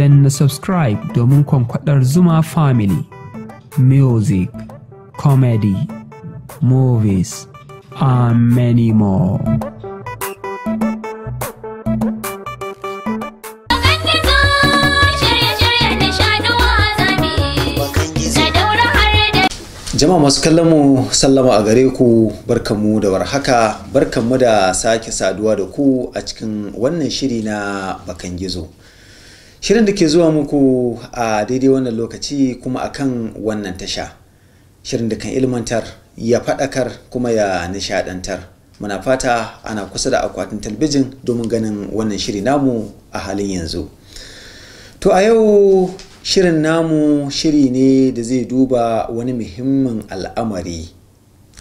dan na subscribe domin kwankwadar Zuma Family, music, comedy, movies, and many more. jama'a masu kallon mu sallama a gare ku barkanmu da warhaka barkanmu da sake saduwa da ku a cikin wannan shiri na bakan gizo Shirin da ke zuwa muku a daidai wannan lokaci kuma akan wannan tasha. Shirin da kan ilmantar ya faɗakar kuma ya nishadantar Muna fata ana kusa da akwatin talbijin domin ganin wannan shiri namu a halin yanzu. To a yau shirin namu shiri ne da zai duba wani muhimmin al'amari.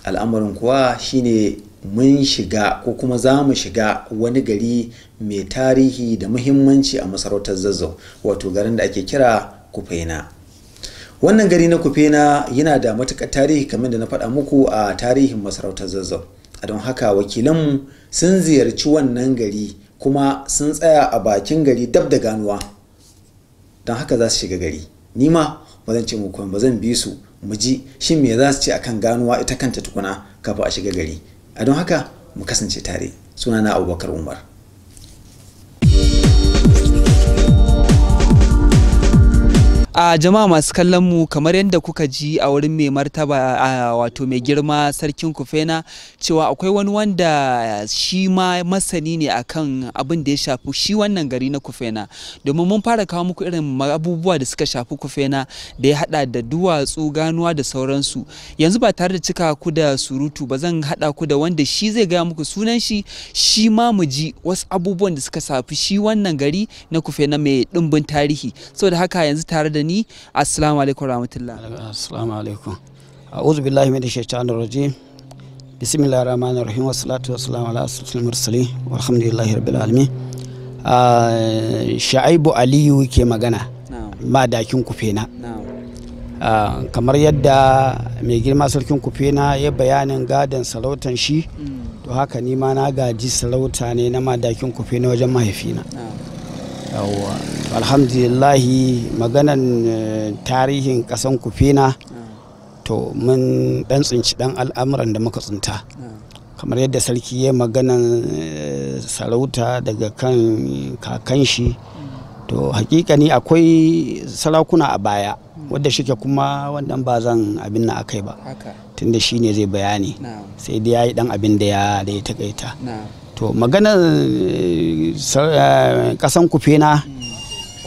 Al'amarin kuwa shine mun shiga ko kuma za mu shiga wani gari mai tarihi da muhimmanci a masarautar zazzau wato garin da ake kira kufena wannan gari na kufena yana da matuƙar tarihi kamar da na faɗa muku a tarihin masarautar zazzau a don haka wakilanmu sun ziyarci wannan gari kuma sun tsaya a bakin gari dab da ganuwa don haka za su shiga gari ni ma ba zan ce muku ba zan bi su mu ji shin me za su ce akan ganuwa ita kanta tukuna kafin a shiga gari a don haka mu kasance tare sunana abubakar umar a jama'a masu kallon mu kamar yadda kuka ji a wurin mai martaba a wato mai girma sarkin kufena cewa akwai wani wanda shi ma masani ne akan abin da ya shafi shi wannan gari na kufena domin mun fara kawo muku irin abubuwa da suka shafi kufena da ya hada da duwatsu ganuwa da sauransu yanzu ba tare da cika ku da surutu ba zan hada ku da wanda shi zai gaya muku sunan shi shi ma mu ji wasu abubuwan da suka shafi shi wannan gari na kufena mai dimbin tarihi saboda haka yanzu tare da ni assalamu alaikum rahmatullah assalamu alaikum a'udhu billahi minash shaitanir rajim bismillahir rahmanir rahim wa salatu wassalamu ala asrafil mursalin walhamdulillahi rabbil alamin ah, sha'ibu aliyu ke magana ma dakin kufena ah, kamar yadda mai girma sarkin kufena ya bayanin gadon salautan shi mm. to haka ni ma na gaji salauta ne na madakin kufena wajen mahaifina alhamdulillahi maganan eh, tarihin kasan kufina. to mun dan tsinci dan al'amuran da muka tsinta kamar yadda sarki ya maganan eh, sarauta daga kan kakan shi to hakikani akwai sarakuna a baya wadda shike kuma wannan ba zan abin na akai ba tunda shi ne zai bayani sai dai ya yi dan abin da ya ta takaita to maganan kasan eh, kufena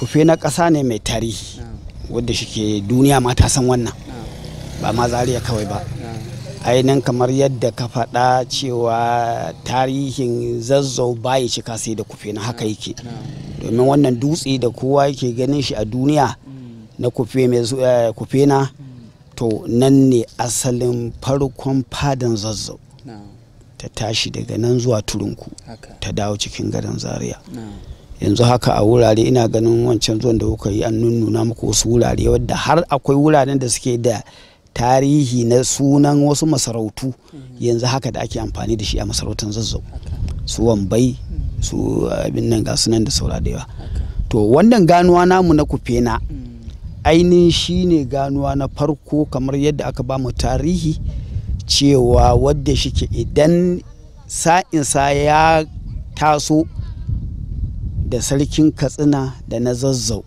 kufe na ƙasa ne mai tarihi wadda shike duniya ma ta san wannan ba ma zariya kawai ba ainihin kamar yadda ka faɗa cewa tarihin zazzau baya cika sai da kufe na haka yake domin wannan dutse da kowa yake ganin shi a duniya na kufe eh, na to nan ne asalin farkon fadan zazzau ta tashi daga nan zuwa turunku ta dawo cikin garin zaria yanzu haka a wurare ina ganin wancan zuwan da kuka yi an nunnuna muku wasu wurare wadda har akwai wuraren da suke da tarihi na sunan wasu masarautu mhm. yanzu haka da ake amfani da shi a masarautar zazzau su wambai mhm. su uh, abin nan ga sunan da saura da yawa to wannan ganuwa namu na kufena mhm. ainihin shi ne ganuwa na farko kamar yadda aka ba mu tarihi cewa wadda shike idan sa'insa ya taso da sarkin katsina da na zazzau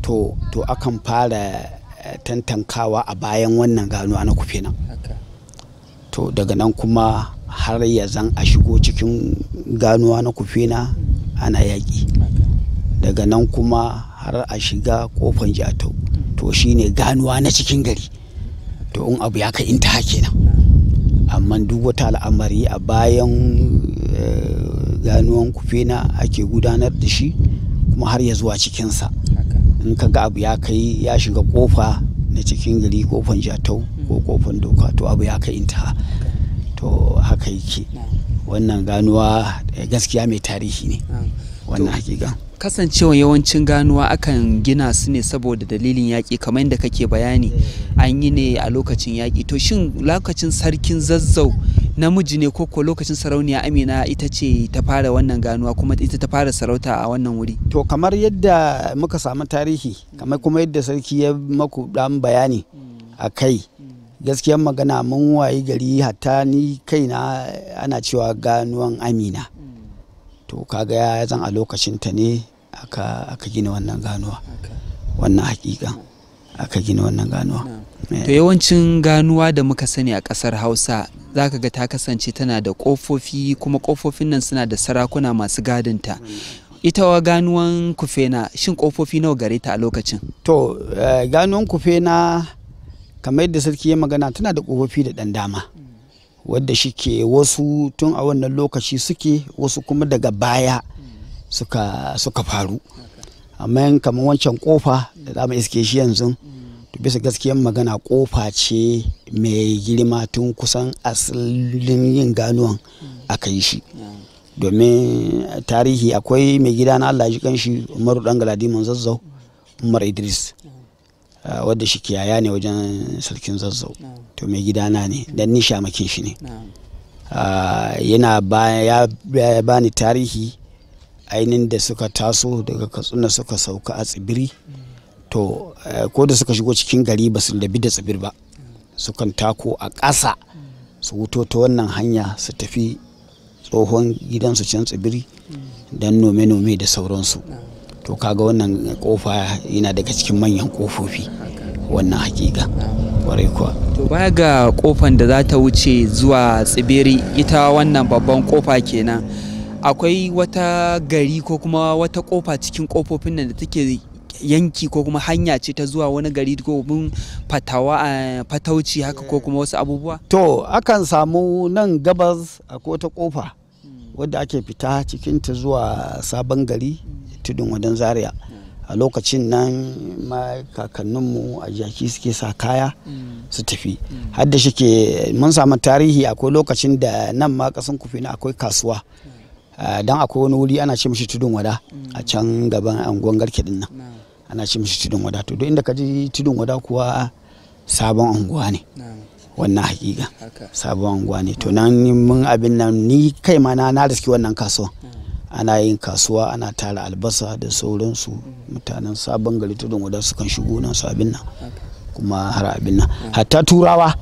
to to akan fara eh, tantankawa a bayan wannan ganuwa na kufe to daga nan kuma har ya zan a shigo cikin ganuwa na kufe ana yaƙi daga nan kuma har a shiga kofan jato to shine ganuwa na cikin gari to in abu ya ka inta kenan amma duk wata al'amari a bayan eh, ganuwan kufena ake gudanar da shi kuma har ya zuwa cikinsa in ka ga abu ya kai ya shiga kofa na cikin gari kofan jatau ko hmm. kofan doka to abu ya kai inta to haka yake wannan ganuwa eh, gaskiya mai tarihi ne wannan hakikan kasancewa yawancin ganuwa akan gina su ne saboda dalilin yaƙi kamar yadda kake bayani an yi ne a lokacin yaƙi to shin lokacin sarkin zazzau namiji ne ko ko lokacin sarauniya amina ita ce ta fara wannan ganuwa kuma ita ta fara sarauta a wannan wuri to kamar yadda muka samu tarihi kamar kuma yadda sarki ya maku dan bayani a kai gaskiyar magana mun wayi gari hatta ni kaina ana cewa ganuwan amina to kaga ya zan a lokacin ta ne aka gina wannan ganuwa wannan hakika aka gina wannan ganuwa to eh. yawancin ganuwa da muka sani a ƙasar hausa za ka ga ta kasance tana da kofofi kuma kofofin nan suna da sarakuna masu gadinta ita wa ganuwan kufena shin kofofi nawa gare ta a lokacin to eh, ganuwan kufena kamar yadda sarki ya magana tana da kofofi da dan dama wadda shi ke wasu tun a wannan lokaci suke wasu kuma daga baya suka, faru amma kamar wancan kofa da za iske shi yanzu to bisa gaskiyar magana kofa ce mai girma tun kusan asalin yin ganuwan aka yi shi domin tarihi akwai mai gida na Allah ji shi Umaru dan Galadi zazzau Umar Idris wadda shi kiyaya ne wajen sarkin zazzau to mai gidana ne dan ni shamakin shi ne ah, yana ya bani tarihi ainihin da suka taso daga katsina suka sauka a tsibiri mm. to eh, ko da suka shigo cikin gari ba su labi da tsibir ba mm. sukan tako a ƙasa mm. su wuto ta wannan hanya su tafi tsohon gidansu can tsibiri don nome-nome da sauransu. to kaga wannan kofa yana daga cikin manyan kofofi wannan hakika kwarai kuwa to baya ga kofan da za ta wuce zuwa tsibiri ita wannan babban kofa kenan akwai wata gari ko kuma wata kofa cikin kofofin nan da take yanki ko kuma hanya ce ta zuwa wani gari ko bin fatawa a eh, fatauci haka ko kuma wasu abubuwa to akan samu nan gabas a wata kofa wadda ake fita cikinta zuwa sabon gari tudun wadan zaria a lokacin nan ma kakanninmu a jaki suke sa kaya su tafi har da shike mun samu tarihi akwai lokacin da nan ma kasan na akwai kasuwa don akwai wani wuri ana ce mishi tudun wada a can gaban anguwan garke din nan ana ce mishi tudun wada to duk inda ka ji tudun wada kuwa sabon anguwa ne wannan hakika sabon anguwa ne to nan mun abin nan ni kai ma na riski wannan kasuwa ana yin kasuwa ana tara albasa da sauransu mutanen sabon gari tudun wadda sukan shigo nan su nan kuma har abin nan hatta turawa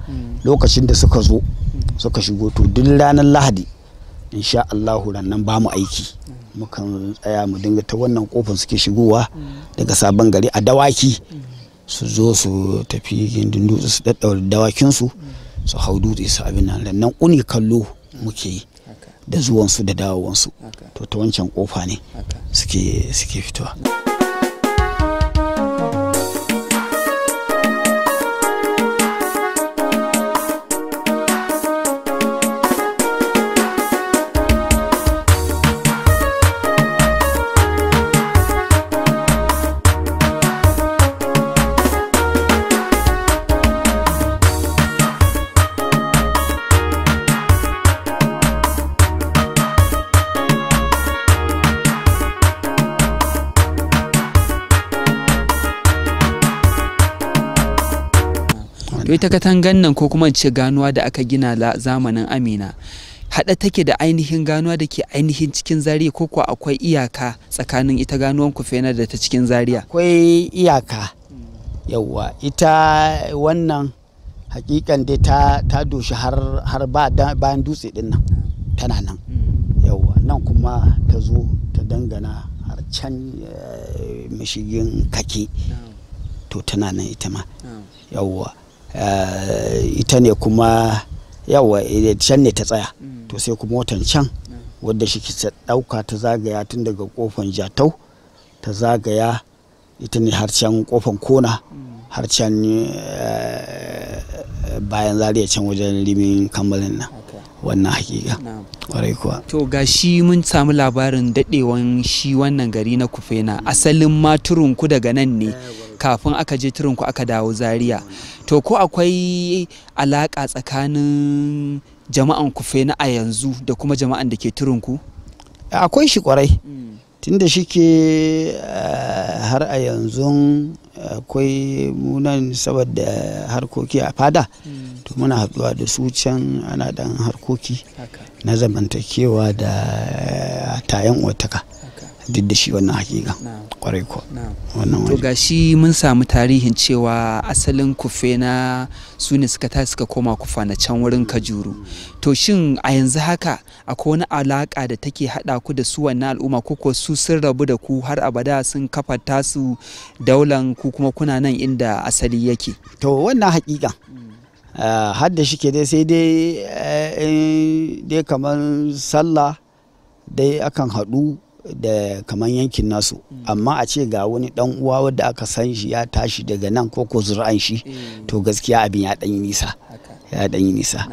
lokacin da suka zo suka shigo to duk ranar lahadi insha Allahu rannan ba mu aiki mukan tsaya mu dinga ta wannan kofin suke shigowa daga sabon gari a dawaki su zo su tafi gindin dutse su daddaura dawakinsu su hau dutse su abin nan nan kuni kallo muke yi da zuwansu da dawowansu to ta wancan kofa ne suke fitowa. to ita katangan nan ko kuma ce ganuwa da aka gina zamanin amina haɗa take da ainihin ganuwa da ke ainihin cikin zariya ko kuwa akwai iyaka tsakanin ita ganuwan kufena da ta cikin zariya akwai iyaka yawwa ita wannan hakikan dai ta, ta doshi har, har bayan dutse din nan tana nan yawwa nan kuma ta zo ta dangana har can eh, mashigin kake to tana nan ita ma yawwa Eh, ita ne kuma yawa eh, can ne ta tsaya mm. to sai kuma watan can mm. wadda shi ta dauka ta zagaya tun daga kofan jatau ta zagaya ita ne har can kofan kona mm. har can eh, bayan zariya can wajen limin kammalin nan wannan hakika kwarai kuwa to ga shi mun samu labarin dadewan shi wannan gari na kufena asalin maturinku daga nan ne kafin aka je turin ku aka dawo zaria to ko akwai alaƙa tsakanin jama'an kufe na a yanzu da kuma jama'an da ke turinku akwai shi kwarai mm. tunda shi ke eh, har a yanzu akwai munan saboda harkoki a fada mm. to muna haɗuwa da su can ana dan harkoki na zamantakewa da tayan otaka duk da shi wannan hakika kwarai ko wannan to shi mun samu tarihin cewa asalin kufe na su ne suka tashi suka koma kufa na can wurin kajuru to shin a yanzu haka akwai wani alaka da take hada ku da su wannan al'umma ko ko su sun rabu da ku har abada sun kafa tasu daulan ku kuma kuna nan inda asali yake to wannan hakika hmm. eh, har da shi ke dai sai dai eh, dai kamar sallah dai akan haɗu da kamar yankin nasu mm. amma a ce ga wani dan uwa wadda aka san shi ya tashi daga nan ko ko zuran shi mm. to gaskiya abin ya dan yi nisa ya dan yi nisa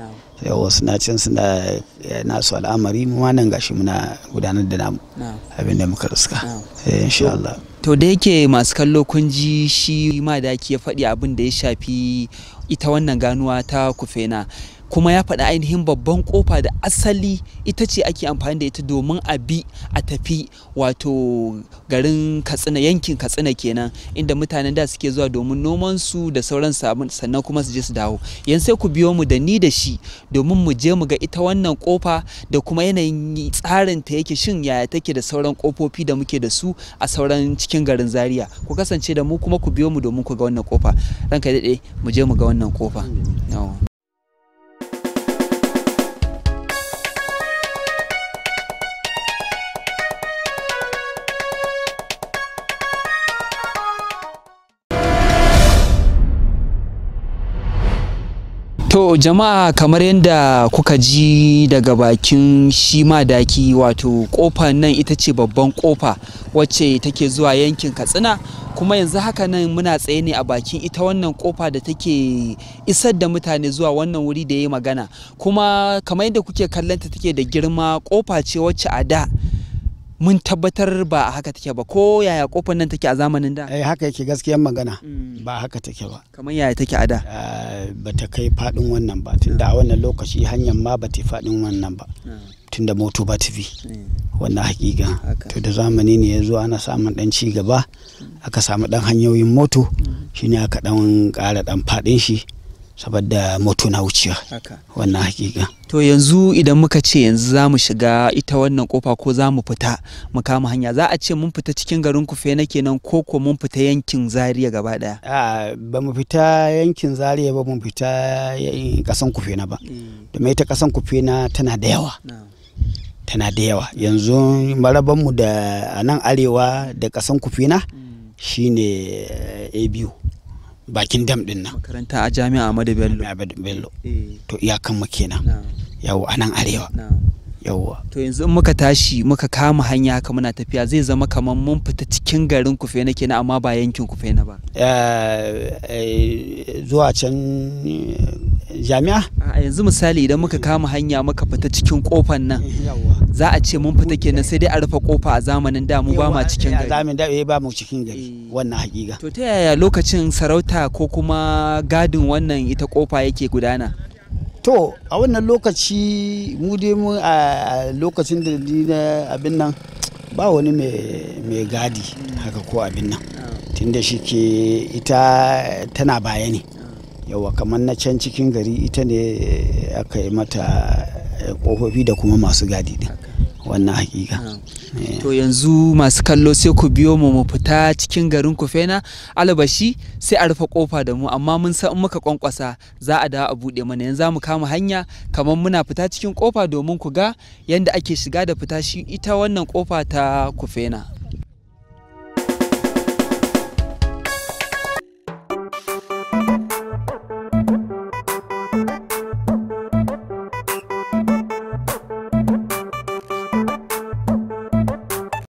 wasu suna cin suna eh, nasu al'amari mu nan gashi muna gudanar da namu abin da muka ruska. Eh, insha Allah to da yake masu kallo kun ji shi ma da ya faɗi abin da ya shafi ita wannan ganuwa ta kufena kuma ya faɗi ainihin babban kofa da asali ita ce ake amfani da ita domin a bi a tafi wato garin katsina yankin katsina kenan inda mutanen da suke zuwa domin noman su da sauran sabon sannan kuma su je su dawo yanzu sai ku biyo mu da ni da shi domin mu je mu ga ita wannan kofa da kuma yanayin tsarin ta yake shin yaya take da sauran kofofi da muke da su a sauran cikin garin zaria ku kasance da mu kuma ku biyo mu domin ku ga wannan kofa ranka daɗe mu je mu ga wannan kofa To jama'a kamar yadda kuka ji daga bakin shi madaki wato kofa nan ita ce babban kofa wacce take zuwa yankin Katsina kuma yanzu haka nan muna tsaye ne a bakin ita wannan kofa da take isar da mutane zuwa wannan wuri da ya magana kuma kamar yadda kuke kallonta take da girma kofa ce wacce a da mun tabbatar ba a haka take ba ko yaya kofar nan take a zamanin da eh haka yake gaskiyar magana hmm. ba haka take ba kamar yaya take a da ah, ba ta kai fadin wannan ba tunda a wannan lokaci hanyar ma ba ta fadin wannan ba hmm. tunda moto ba ta fi. Hmm. wannan hakika to da zamani ne ya zo ana samun dan ci gaba aka samu dan hanyoyin moto shine aka dan kara dan fadin shi saboda moto na wucewa wannan hakika to yanzu idan muka ce yanzu za mu shiga ita wannan kofa ko za mu fita mu kama hanya za a ce mun fita cikin garin kufe na kenan ko ko mun fita yankin Zariya gaba daya ba mu fita yankin Zariya ba mun fita kasan kufe na ba mm. domin ita kasan kufe na tana da yawa tana da yawa yanzu marabanmu da a nan arewa da kasan kufe na mm. shine a biyu bakin dam din nan makaranta a jami'a Amadu Bello Amadu Bello eh. to iyakan mu kenan yawo a nan arewa yawa to yanzu in muka tashi muka kama hanya haka muna tafiya zai zama kamar mun fita cikin garin ku fena kenan amma ba yankin ku fena ba eh, eh, zuwa can jami'a A yanzu misali idan muka kama hanya muka fita cikin kofan nan za a ce mun fita kenan sai dai a rufe kofa a zamanin da mu ba ma cikin gari zamanin da eh, ba mu cikin gari eh. wannan hakika to ta yaya lokacin sarauta ko kuma gadin wannan ita kofa yake gudana to a wannan lokaci mu dai mu a lokacin da ni na abin nan ba wani mai gadi haka ko abin nan ah. tunda shi ke ita tana baya ne ah. yawa kamar na can cikin gari ita ne aka yi mata kofofi eh, da kuma masu gadi din wannan hakika eh. to yanzu masu kallo sai ku biyo mu mu fita cikin garin ku kufena albashi sai a rufe kofa da mu amma mun san in muka kwankwasa za a dawo a bude mana yanzu mu kama hanya kamar muna fita cikin kofa domin ku ga yanda ake shiga da fita shi ita wannan kofa ta kufena